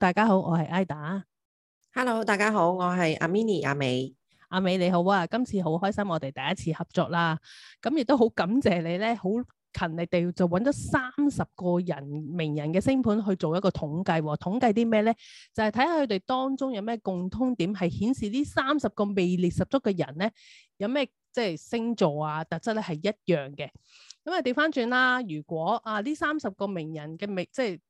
大家好，我係 IDA。Hello，大家好，我係阿 Mini n 阿美。阿美你好啊，今次好開心，我哋第一次合作啦。咁亦都好感謝你咧，好勤力地就揾咗三十個人名人嘅星盤去做一個統計。哦。統計啲咩咧？就係睇下佢哋當中有咩共通點，係顯示呢三十個魅力十足嘅人咧，有咩即係星座啊特質咧係一樣嘅。咁啊，調翻轉啦，如果啊呢三十個名人嘅魅即係。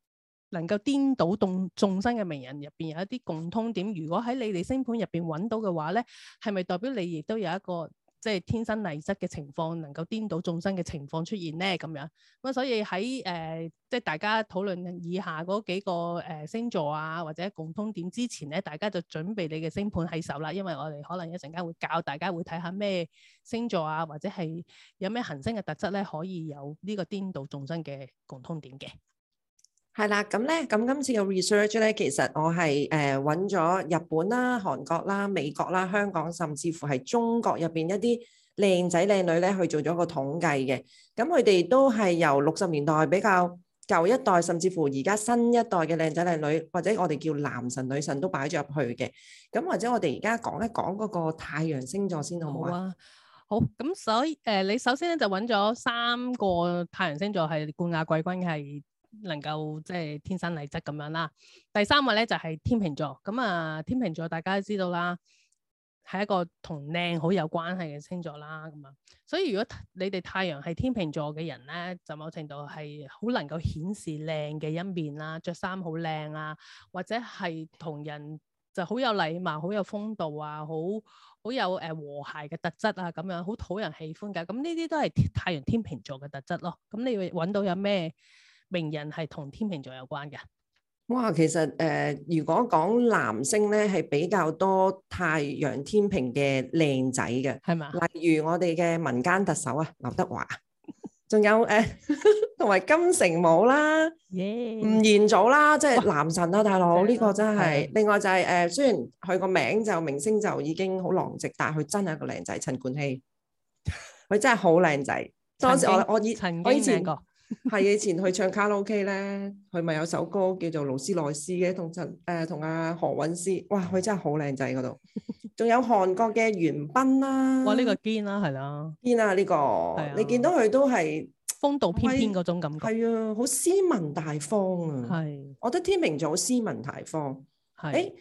能夠顛倒眾眾生嘅名人入邊，有一啲共通點，如果喺你哋星盤入邊揾到嘅話咧，係咪代表你亦都有一個即係、就是、天生麗質嘅情況，能夠顛倒眾生嘅情況出現咧？咁樣咁所以喺誒、呃、即係大家討論以下嗰幾個、呃、星座啊，或者共通點之前咧，大家就準備你嘅星盤喺手啦，因為我哋可能一陣間會教大家會睇下咩星座啊，或者係有咩行星嘅特質咧，可以有呢個顛倒眾生嘅共通點嘅。係啦，咁咧，咁今次嘅 research 咧，其實我係誒揾咗日本啦、韓國啦、美國啦、香港，甚至乎係中國入邊一啲靚仔靚女咧去做咗個統計嘅。咁佢哋都係由六十年代比較舊一代，甚至乎而家新一代嘅靚仔靚女，或者我哋叫男神女神都擺咗入去嘅。咁或者我哋而家講一講嗰個太陽星座先好唔好啊？好，咁所以誒，你首先咧就揾咗三個太陽星座係冠亞季軍嘅係。能夠即係天生麗質咁樣啦。第三個咧就係、是、天秤座咁啊、嗯，天秤座大家都知道啦，係一個同靚好有關係嘅星座啦。咁、嗯、啊，所以如果你哋太陽係天秤座嘅人咧，就某程度係好能夠顯示靚嘅一面啦，着衫好靚啊，或者係同人就好有禮貌、好有風度啊，好好有誒和諧嘅特質啊，咁樣好討人喜歡嘅。咁呢啲都係太陽天秤座嘅特質咯。咁、嗯、你會搵到有咩？名人係同天秤座有關嘅。哇，其實誒，如果講男星咧，係比較多太陽天秤嘅靚仔嘅，係嘛？例如我哋嘅民間特首啊，劉德華，仲有誒，同埋金城武啦，耶，吳彥祖啦，即係男神啊，大佬，呢個真係。另外就係誒，雖然佢個名就明星就已經好狼藉，但係佢真係一個靚仔，陳冠希，佢真係好靚仔。當時我我以我以前。係 以前去唱卡拉 O.K. 咧，佢咪有首歌叫做斯萊斯《勞、呃啊、斯萊斯》嘅，同陳誒同阿何韻詩，哇，佢真係好靚仔嗰度。仲 有韓國嘅元彬啦、啊，哇，呢、這個堅啦係啦，堅啦呢個，啊、你見到佢都係風度翩翩嗰種感覺，係啊，好斯文大方啊。係是，我覺得天秤座好斯文大方。係是，誒，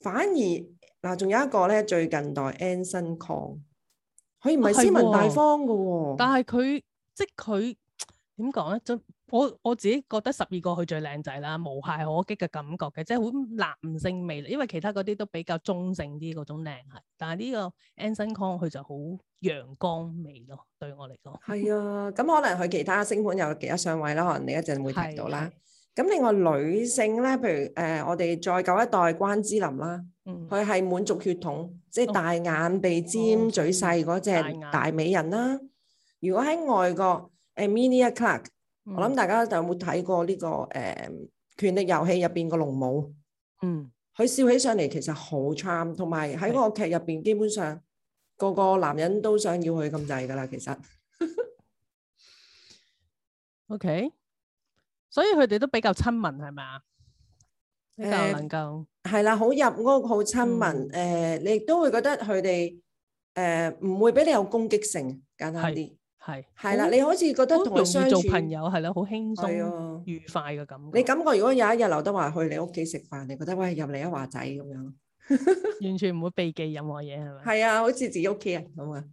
反而嗱，仲、啊、有一個咧，最近代 Anson Kong，佢唔係斯文大方噶喎、啊是啊，但係佢即係佢。點講咧？就我我自己覺得十二個佢最靚仔啦，無懈可擊嘅感覺嘅，即係好男性味嚟。因為其他嗰啲都比較中性啲嗰種靚係，但係呢個 Anson Kong 佢就好陽光味咯，對我嚟講。係 啊，咁可能佢其他星盤有其他相位啦，可能你一陣會睇到啦。咁是另外女性咧，譬如誒、呃，我哋再舊一代關之琳啦，佢係滿族血統，即係大眼鼻尖、哦嗯、嘴細嗰隻大美人啦。嗯、如果喺外國。Emilia Clarke、嗯、我諗大家就有冇睇過呢、這個誒《uh, 權力遊戲》入邊個龍母，嗯，佢笑起上嚟其實好 charm，同埋喺嗰個劇入邊，是基本上個個男人都想要佢咁滯噶啦，其實。 o、okay. K，所以佢哋都比較親民係咪？比較能夠係、呃、啦，好入屋，好親民。誒、嗯呃，你亦都會覺得佢哋誒唔會俾你有攻擊性，簡單啲。係係啦，很你好似覺得容易做朋友係咯，好輕鬆愉快嘅感覺。的你感覺，如果有一日劉德華去，去你屋企食飯，你覺得喂，入嚟一華仔咁樣， 完全唔會避忌任何嘢係咪？係啊，好似自己屋企人咁啊。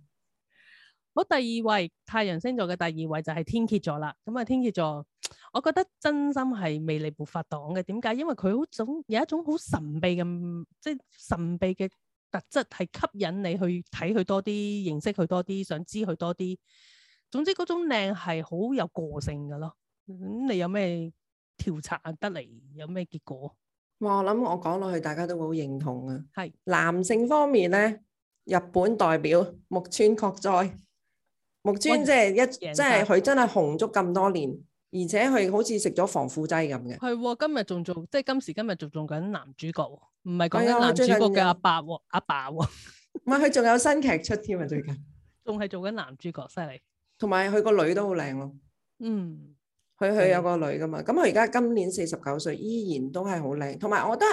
好、嗯，第二位太陽星座嘅第二位就係天蠍座啦。咁啊，天蠍座，我覺得真心係魅力爆發黨嘅。點解？因為佢種有一種好神秘嘅，即係神秘嘅特質，係吸引你去睇佢多啲，認識佢多啲，想知佢多啲。總之嗰種靚係好有個性噶咯，咁你有咩調查得嚟？有咩結果？哇！我諗我講落去，大家都會好認同啊。係是男性方面咧，日本代表木村拓哉，木村即係一即係佢真係紅足咁多年，而且佢好似食咗防腐劑咁嘅。係，今日仲做即係今時今日仲做緊男主角，唔係講緊男主角嘅阿爸喎，阿爸喎。唔係佢仲有新劇出添啊！最近仲係做緊男主角，犀利。同埋佢個女都好靚咯，嗯，佢佢有個女噶嘛，咁佢而家今年四十九歲，依然都係好靚。同埋我覺得，誒、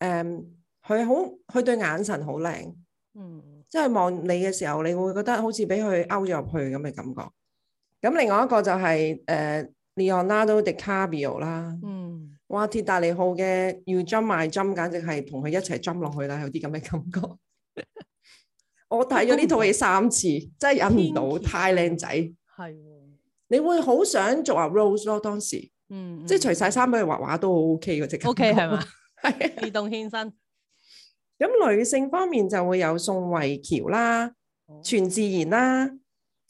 嗯，佢好，佢對眼神好靚，嗯，即係望你嘅時候，你會覺得好似俾佢勾咗入去咁嘅感覺。咁另外一個就係、是、誒、呃、Leonardo DiCaprio 啦，嗯，哇，鐵達尼號嘅 You Jump My Jump，簡直係同佢一齊 jump 落去啦，有啲咁嘅感覺。 我睇咗呢套戲三次，蠍真係忍唔到，蠍太靚仔。係的，你會好想做阿 Rose 咯，當時。嗯，嗯。即係除晒衫俾佢畫畫都 O K 噶，即係。O K 係嘛？係自 動獻身。咁女性方面就會有宋慧喬啦，哦、全智賢啦。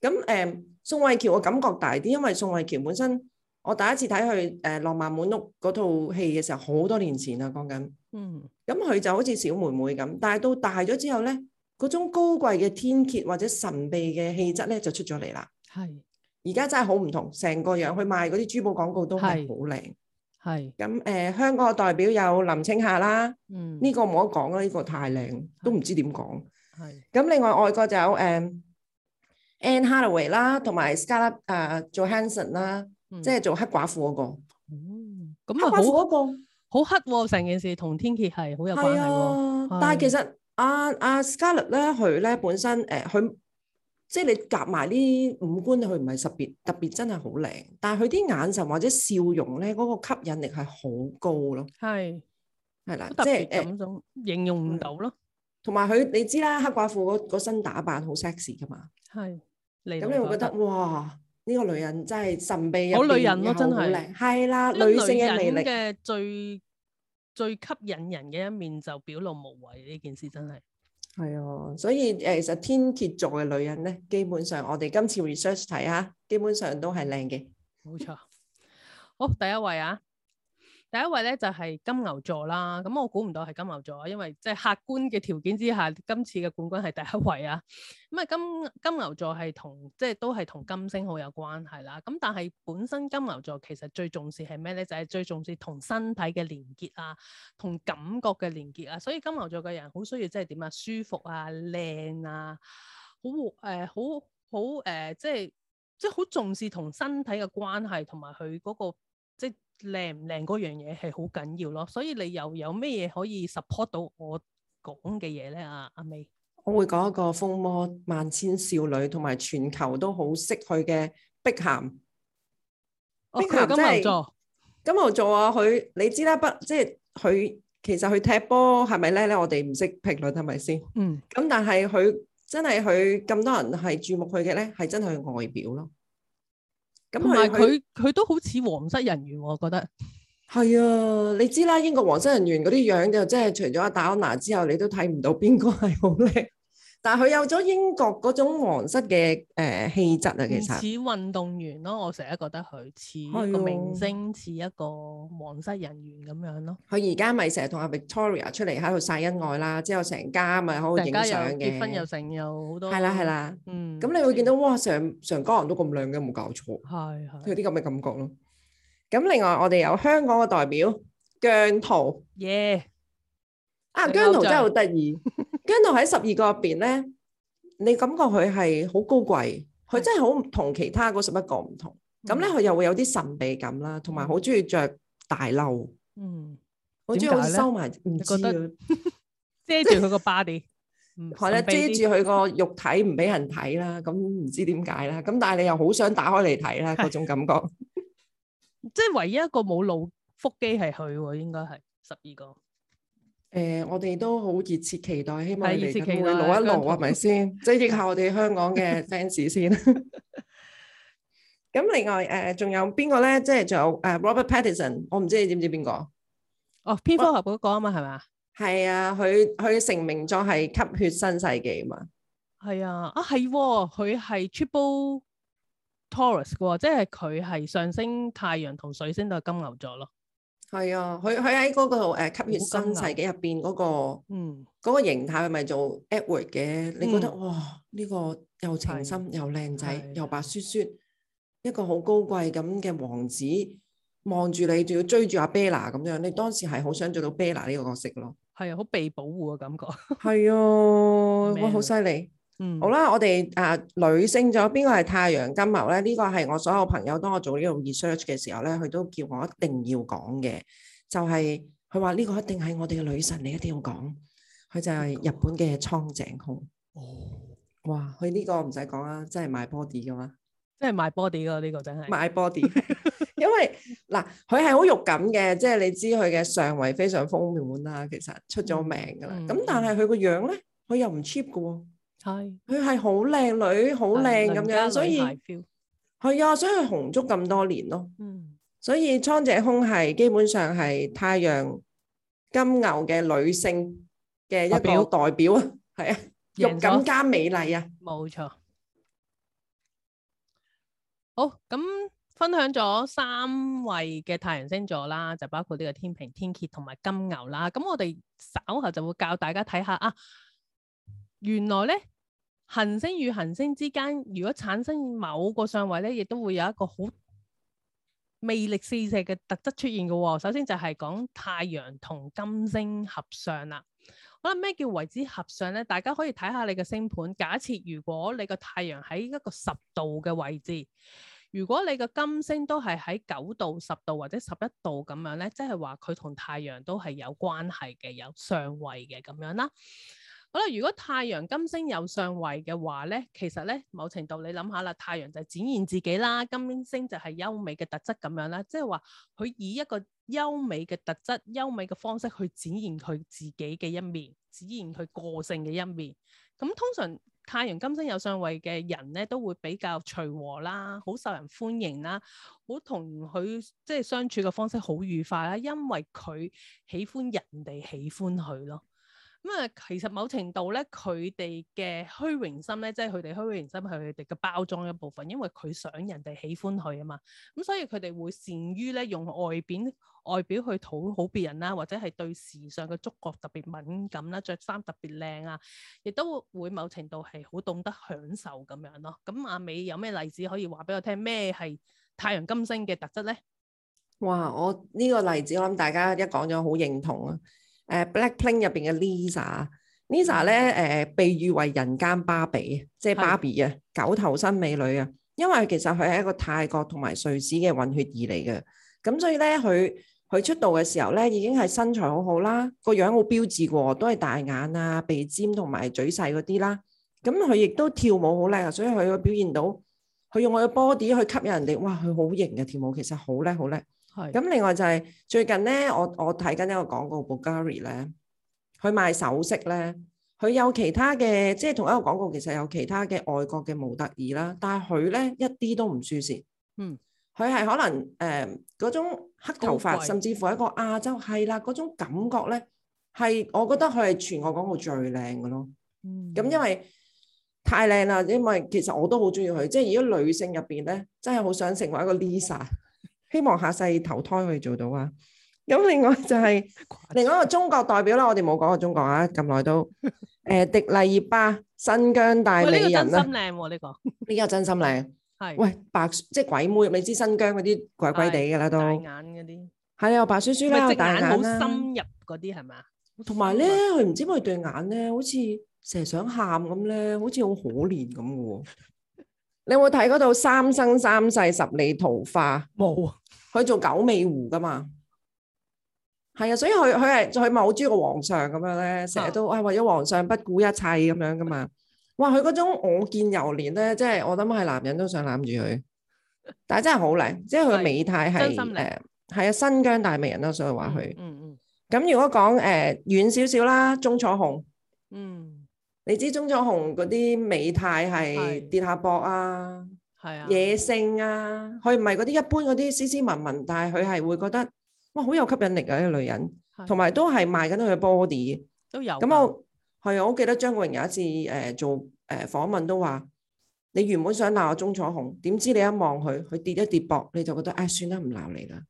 咁誒、呃，宋慧喬我感覺大啲，因為宋慧喬本身我第一次睇佢誒《浪漫滿屋》嗰套戲嘅時候，好多年前啦、啊，講緊。嗯。咁佢就好似小妹妹咁，但係到大咗之後咧。嗰種高貴嘅天蠍或者神秘嘅氣質咧，就出咗嚟啦。係是，而家真係好唔同，成個樣去賣嗰啲珠寶廣告都係好靚。係是，咁誒、呃、香港嘅代表有林青霞啦。嗯，呢個冇得講啦，呢、這個太靚，都唔知點講。係，咁另外外國就有誒、呃、Anne Hathaway 啦，同埋 Scarlett 做、呃、Johansson 啦，嗯、即係做黑寡婦嗰、那個。咁啊、嗯那個、好黑好黑喎！成件事同天蠍係好有關係喎、哦啊。但係其實。阿阿 Scarlett 咧，佢咧、uh, uh, 本身，誒、呃，佢即係你夾埋啲五官，佢唔係特別特別真係好靚，但係佢啲眼神或者笑容咧，嗰、那個吸引力係好高咯。係係是啦，特即係是誒，形容唔到咯。同埋佢你知啦，黑寡婦嗰身打扮好 sexy 噶嘛。係。咁你會覺得，覺得哇，呢、這個女人真係神秘女人邊，真係好靚。係啦，女性嘅魅力。最吸引人嘅一面就表露無遺。呢件事真係係啊，所以誒，其實天蠍座嘅女人咧，基本上我哋今次 research 睇下，基本上都係靚嘅，冇錯。好，第一位啊。第一位咧就係、是、金牛座啦，咁、嗯、我估唔到係金牛座，因為即係客觀嘅條件之下，今次嘅冠軍係第一位啊。咁、嗯、啊金金牛座係同即係、就是、都係同金星好有關係啦。咁、嗯、但係本身金牛座其實最重視係咩咧？就係、是、最重視同身體嘅連結啊，同感覺嘅連結啊。所以金牛座嘅人好需要即係點啊？舒服啊，靚啊，好誒，好好誒，即係即係好重視同身體嘅關係，同埋佢嗰個。靚唔靚嗰樣嘢係好緊要咯，所以你又有咩嘢可以 support 到我講嘅嘢咧？啊，阿美，我會講一個風魔萬千少女同埋全球都好識佢嘅碧咸。哦、碧咸金牛座，金牛座啊！佢你知啦，碧即係佢其實佢踢波係咪靚咧？我哋唔識評論係咪先？是是嗯。咁但係佢真係佢咁多人係注目佢嘅咧，係真係外表咯。咁係佢佢都好似皇室人員，我覺得。係啊，你知啦，英國皇室人員嗰啲樣就即係除咗阿戴安娜之後，你都睇唔到邊個係好叻。但係佢有咗英國嗰種皇室嘅誒氣質啊，其實似運動員咯，我成日覺得佢似一個明星，似一個皇室人員咁樣咯。佢而家咪成日同阿 Victoria 出嚟喺度曬恩愛啦，之後成家咪好好影相嘅。大家又結婚又成，又好多。係啦，係啦。嗯。咁你會見到哇，上上家人都咁靚嘅，冇搞錯。係係。有啲咁嘅感覺咯。咁另外，我哋有香港嘅代表姜濤，Yeah。啊，姜濤真係好得意。跟到喺十二個入邊咧，你感覺佢係好高貴，佢真係好同其他嗰十一個唔同。咁咧佢又會有啲神秘感啦，同埋好中意著大褸。嗯，好中意收埋，唔知遮住佢個 body，或者遮住佢個肉體，唔俾人睇啦。咁唔知點解啦。咁但係你又好想打開嚟睇啦，嗰種感覺。即係唯一一個冇露腹肌係佢，應該係十二個。誒、呃，我哋都好熱切期待，希望嚟緊會露一露啊，係咪先？即係益下我哋香港嘅 fans 先。咁另外誒，仲有邊個咧？即係仲有誒 Robert Pattinson，我唔知你知唔知邊個？哦，蝙蝠俠嗰個啊嘛，係嘛？係啊，佢佢成名作係《吸血新世紀》啊嘛。係啊，啊係，佢係 Triple Taurus 嘅，即係佢係上升太陽同水星都係金牛座咯。係啊，佢佢喺嗰個誒、呃、吸血新世紀入邊嗰個，嗰、嗰個形態係咪做 Edward 嘅？你覺得、嗯、哇，呢、呢個又情深的又靚仔的又白雪雪，一個好高貴咁嘅王子，望住你仲要追住阿 Bella 咁樣，你當時係好想做到 Bella 呢個角色咯？係啊，好被保護嘅感覺。係 啊，哇，好犀利！嗯，好啦，我哋啊、呃，女性咗邊個係太陽金牛咧？呢、這個係我所有朋友當我做呢度 research 嘅時候咧，佢都叫我一定要講嘅，就係佢話呢個一定係我哋嘅女神，你一定要講。佢就係日本嘅蒼井空。哦，哇，佢呢個唔使講啦，真係賣 body 噶嘛、這個，即係賣 body 噶呢個真係賣 body。因為嗱，佢係好肉感嘅，即係你知佢嘅上圍非常豐滿啦。其實出咗名噶啦，咁、嗯嗯、但係佢個樣咧，佢又唔 cheap 噶。係佢係好靚女，好靚咁樣，所以係啊，所以佢紅足咁多年咯。嗯，所以蒼井空係基本上係太陽金牛嘅女性嘅一表代表啊，係啊，肉感加美麗啊，冇錯。好，咁分享咗三位嘅太陽星座啦，就包括呢個天平、天蠍同埋金牛啦。咁我哋稍後就會教大家睇下啊，原來咧。行星與行星之間，如果產生某個相位咧，亦都會有一個好魅力四射嘅特質出現嘅哦。首先就係講太陽同金星合相啦。好啦，咩叫為之合相咧？大家可以睇下你嘅星盤。假設，如果你個太陽喺一個十度嘅位置，如果你個金星都係喺九度、十度或者十一度咁樣咧，即係話佢同太陽都係有關係嘅，有相位嘅咁樣啦。好啦，如果太陽金星有上位嘅話咧，其實咧某程度你諗下啦，太陽就係展現自己啦，金星就係優美嘅特質咁樣啦，即係話佢以一個優美嘅特質、優美嘅方式去展現佢自己嘅一面，展現佢個性嘅一面。咁通常太陽金星有上位嘅人咧，都會比較隨和啦，好受人歡迎啦，好同佢即係相處嘅方式好愉快啦，因為佢喜歡人哋喜歡佢咯。咁啊、嗯，其實某程度咧，佢哋嘅虛榮心咧，即係佢哋虛榮心係佢哋嘅包裝一部分，因為佢想人哋喜歡佢啊嘛。咁、嗯、所以佢哋會善於咧用外邊外表去討好別人啦，或者係對時尚嘅觸覺特別敏感啦，着衫特別靚啊，亦都會某程度係好懂得享受咁樣咯。咁、嗯、阿美有咩例子可以話俾我聽？咩係太陽金星嘅特質咧？哇！我呢個例子我諗大家一講咗好認同啊。誒，Blackpink 入邊嘅 Lisa，Lisa 咧誒，uh, 呢 uh, 被譽為人間芭比，是即係芭比啊，九頭身美女啊。因為其實佢係一個泰國同埋瑞士嘅混血兒嚟嘅，咁所以咧佢佢出道嘅時候咧，已經係身材好好啦，個樣好標致㗎，都係大眼啊、鼻尖同埋嘴細嗰啲啦。咁佢亦都跳舞好叻，所以佢會表現到，佢用佢嘅 body 去吸引人哋，哇！佢好型嘅跳舞，其實好叻，好叻。咁是另外就係、是、最近咧，我我睇緊一個廣告，Bulgari 咧，佢賣首飾咧，佢有其他嘅，即係同一個廣告其實有其他嘅外國嘅模特兒啦，但係佢咧一啲都唔輸蝕。嗯，佢係可能誒嗰、呃、種黑頭髮，甚至乎一個亞洲，係啦嗰種感覺咧，係我覺得佢係全個廣告最靚嘅咯。咁、嗯、因為太靚啦，因為其實我都好中意佢，即係如果女性入邊咧，真係好想成為一個 Lisa。嗯希望下世投胎可以做到啊！咁另外就係另外一個中國代表啦，我哋冇講過中國啊，咁耐都誒，迪麗熱巴新疆大美人啦，呢個真心靚喎，呢個呢個真心靚，係喂白，即係鬼妹，你知新疆嗰啲鬼鬼地噶啦都眼嗰啲係啊，白雪雪啦，大眼好深入嗰啲係咪？同埋咧，佢唔知佢對眼咧，好似成日想喊咁咧，好似好可憐咁嘅喎。你有冇睇嗰套《三生三世十里桃花》有？冇，佢做九尾狐噶嘛？係啊，所以佢佢係佢冒住個皇上咁樣咧，成日都啊、哎、為咗皇上不顧一切咁樣噶嘛。哇，佢嗰種我見猶憐咧，即係我諗係男人都想攬住佢。但係真係好靚，即係佢嘅美態係誒，係啊，呃、新疆大美人咯，所以話佢、嗯。嗯嗯。咁如果講誒遠少少啦，鍾、呃、楚紅。嗯。你知鍾楚紅嗰啲美態係跌下膊啊，係啊的，野性啊，佢唔係嗰啲一般嗰啲斯斯文文，但係佢係會覺得哇好有吸引力啊呢、呢個女人，同埋的都係賣緊佢嘅 body，都有。咁我係啊我記得張國榮有一次誒、呃、做誒、呃、訪問都話，你原本想鬧阿鍾楚紅，點知你一望佢，佢跌一跌膊，你就覺得唉、哎、算啦唔鬧你啦，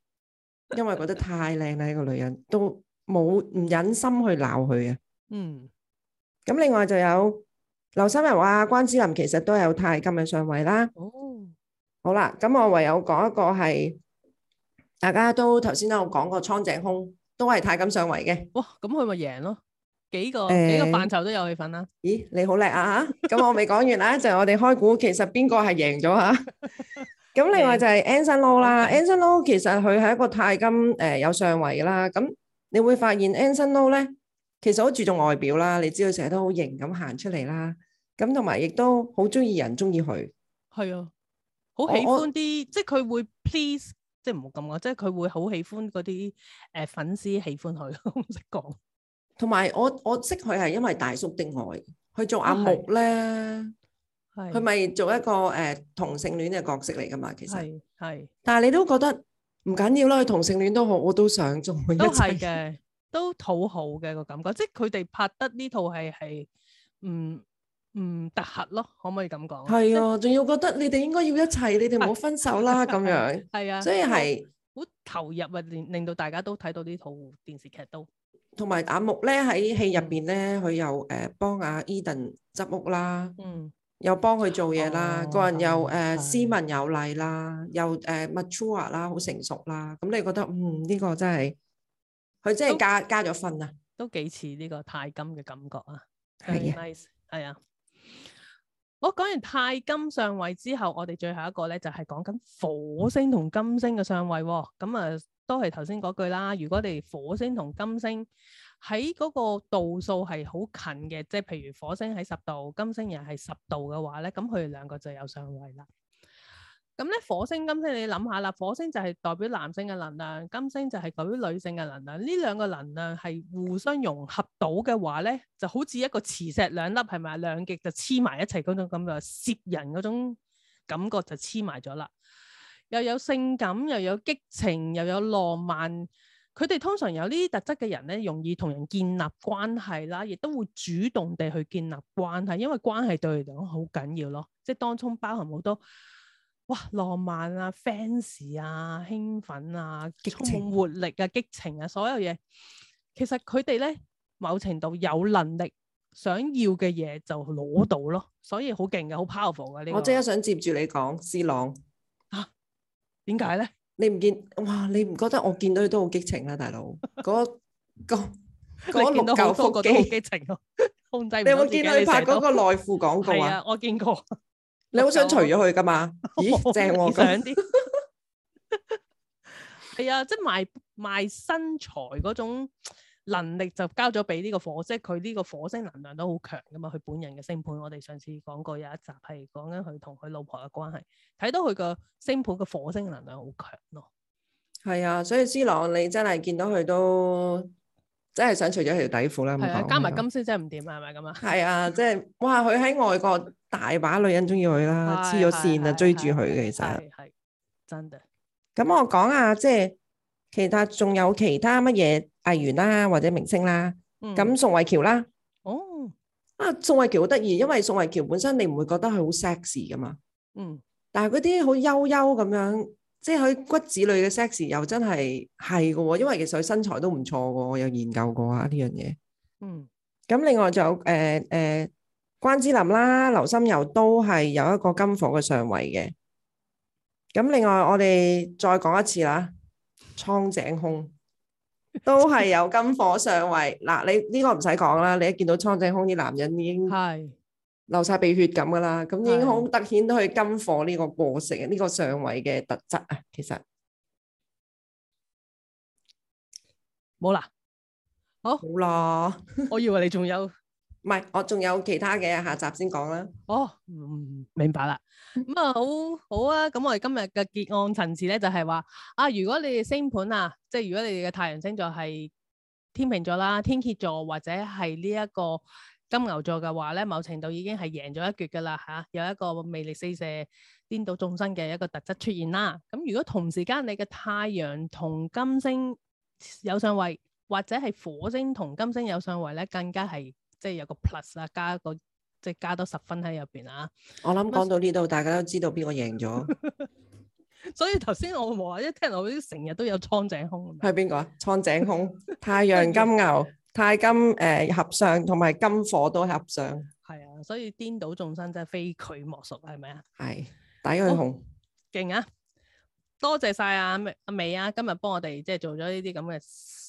因為覺得太靚啦呢個女人，都冇唔忍心去鬧佢啊。 嗯。咁另外就有劉心仁、啊關之琳，其實都有太金嘅上位啦。哦、oh.，好啦，咁我唯有講一個係，大家都頭先都有講過蒼井空都係太金上位嘅。哇，咁佢咪贏咯？幾個、呃、幾個範疇都有佢份啦。咦，你好叻啊！咁 我未講完啦， 就係我哋開估，其實邊個係贏咗啊？咁 另外就係 Anson Lo 啦，Anson Lo 其實佢係一個太金誒、呃、有上位啦。咁你會發現 Anson Lo 咧。其實好注重外表啦，你知佢成日都好型咁行出嚟啦，咁同埋亦都好中意人，中意佢。係啊，好喜歡啲，即係佢會 please，即係唔好咁講，即係佢會好喜歡嗰啲誒粉絲喜歡佢，唔識講。同埋我我識佢係因為大叔的愛，去做阿木咧，佢咪、嗯、做一個誒、呃、同性戀嘅角色嚟噶嘛？其實係，但係你都覺得唔緊要啦，同性戀都好，我都想做一切。都係嘅。都討好嘅個感覺，即係佢哋拍得呢套戲係係嗯嗯特核咯，可唔可以咁講？係啊，仲要覺得你哋應該要一齊，你哋唔好分手啦咁樣。係啊，所以係好投入啊，令令到大家都睇到呢套電視劇都。同埋阿牧咧喺戲入邊咧，佢又誒幫阿 Edan 執屋啦，嗯，又幫佢做嘢啦，個人又誒斯文有禮啦，又誒 mature 啦，好成熟啦。咁你覺得嗯呢個真係？佢真係加都加咗分啦，都幾似呢個太金嘅感覺啊，係啊，係啊。我講完太金上位之後，我哋最後一個咧就係講緊火星同金星嘅上位喎，哦。咁啊，都係頭先嗰句啦。如果你火星同金星喺嗰個度數係好近嘅，即係譬如火星喺十度，金星又係十度嘅話咧，咁佢哋兩個就有上位啦。咁咧火星金星，你諗下啦，火星就係代表男性嘅能量，金星就係代表女性嘅能量。呢兩個能量係互相融合到嘅話咧，就好似一個磁石兩粒，係咪啊？兩極就黐埋一齊嗰種感覺，攝人嗰種感覺就黐埋咗啦。又有性感，又有激情，又有浪漫。佢哋通常有呢啲特質嘅人咧，容易同人建立關係啦，亦都會主動地去建立關係，因為關係對佢嚟講好緊要咯。即係當中包含好多。哇！浪漫啊，fans 啊，興奮啊，激情活力啊，激情啊，所有嘢。其實佢哋咧，某程度有能力想要嘅嘢就攞到咯，所以好勁嘅，好 powerful 嘅呢個。我即刻想接住你講，斯朗啊，點解咧？你唔見哇？你唔覺得我見到你都好激情啦，大佬嗰個嗰六嚿腹肌，激情咯，控制唔到。你有冇見到你拍嗰個內褲廣告啊？我見過。你好想除咗佢噶嘛？咦， 正喎！想啲！係啊，即係賣賣身材嗰種能力就交咗俾呢個火星，佢、就、呢、是、個火星能量都好強噶嘛。佢本人嘅星盤，我哋上次講過有一集係講緊佢同佢老婆嘅關係，睇到佢個星盤嘅火星能量好強咯。係啊，所以 C 朗你真係見到佢都真係想除咗一條底褲啦。係啊，加埋金星真係唔掂啊，係咪咁啊？係啊，即係哇！佢喺 外國。大把女人中意佢啦，黐咗線啊，追住佢嘅其實係真嘅。咁我講下，即係其他仲有其他乜嘢藝員啦，或者明星啦。咁、嗯、宋慧喬啦，哦啊宋慧喬好得意，嗯、因為宋慧喬本身你唔會覺得佢好 sexy 噶嘛？嗯，但係嗰啲好幽幽咁樣，即係佢骨子裏嘅 sexy 又真係係嘅，因為其實佢身材都唔錯嘅，我有研究過啊呢樣嘢。嗯，咁、嗯、另外就誒誒。呃呃關之琳啦，劉心悠都係有一個金火嘅上位嘅。咁另外，我哋再講一次啦，蒼井空都係有金火上位。嗱， 你呢，這個唔使講啦，你一見到蒼井空啲男人已經流晒鼻血咁噶啦。咁是已經好突顯到佢金火呢個過程，呢是個上位嘅特質啊。其實冇啦，好啦，oh, 沒了 我以為你仲有。唔係，我仲有其他嘅，下集先講啦。哦，嗯，明白啦。咁啊，好好啊。咁我哋今日嘅結案層次咧，就係話啊，如果你哋星盤啊，即係如果你哋嘅太陽星座係天秤座啦、天蠍座或者係呢一個金牛座嘅話咧，某程度已經係贏咗一決噶啦吓，有一個魅力四射、顛倒眾生嘅一個特質出現啦。咁如果同時間你嘅太陽同金星有上位，或者係火星同金星有上位咧，更加係。即係有個 plus 啦，加一個即係加多十分喺入邊啊！我諗講到呢度，大家都知道邊個贏咗。 所以頭先我話一聽落好似成日都有蒼井空咁。係邊個啊？蒼井空、 太陽金牛、太 金誒、呃、合相，同埋金火都合相。係 啊，所以顛倒眾生真係非佢莫屬，係咪啊？係，抵佢紅，勁啊！多謝晒啊，美美啊，今日幫我哋即係做咗呢啲咁嘅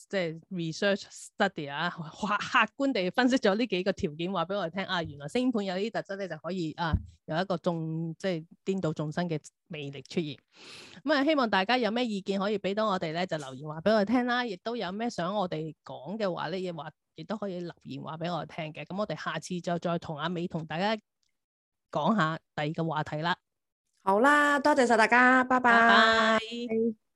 即係 research study 啊，客客觀地分析咗呢幾個條件，話俾我哋聽啊，原來星盤有啲特質咧就可以啊有一個眾即係顛倒眾生嘅魅力出現。咁、嗯、啊，希望大家有咩意見可以俾到我哋咧，就留言話俾我哋聽啦。亦都有咩想我哋講嘅話咧，亦話亦都可以留言話俾我哋聽嘅。咁、嗯、我哋下次就再同阿美同大家講下第二個話題啦。好啦，多謝晒大家，拜拜。拜拜。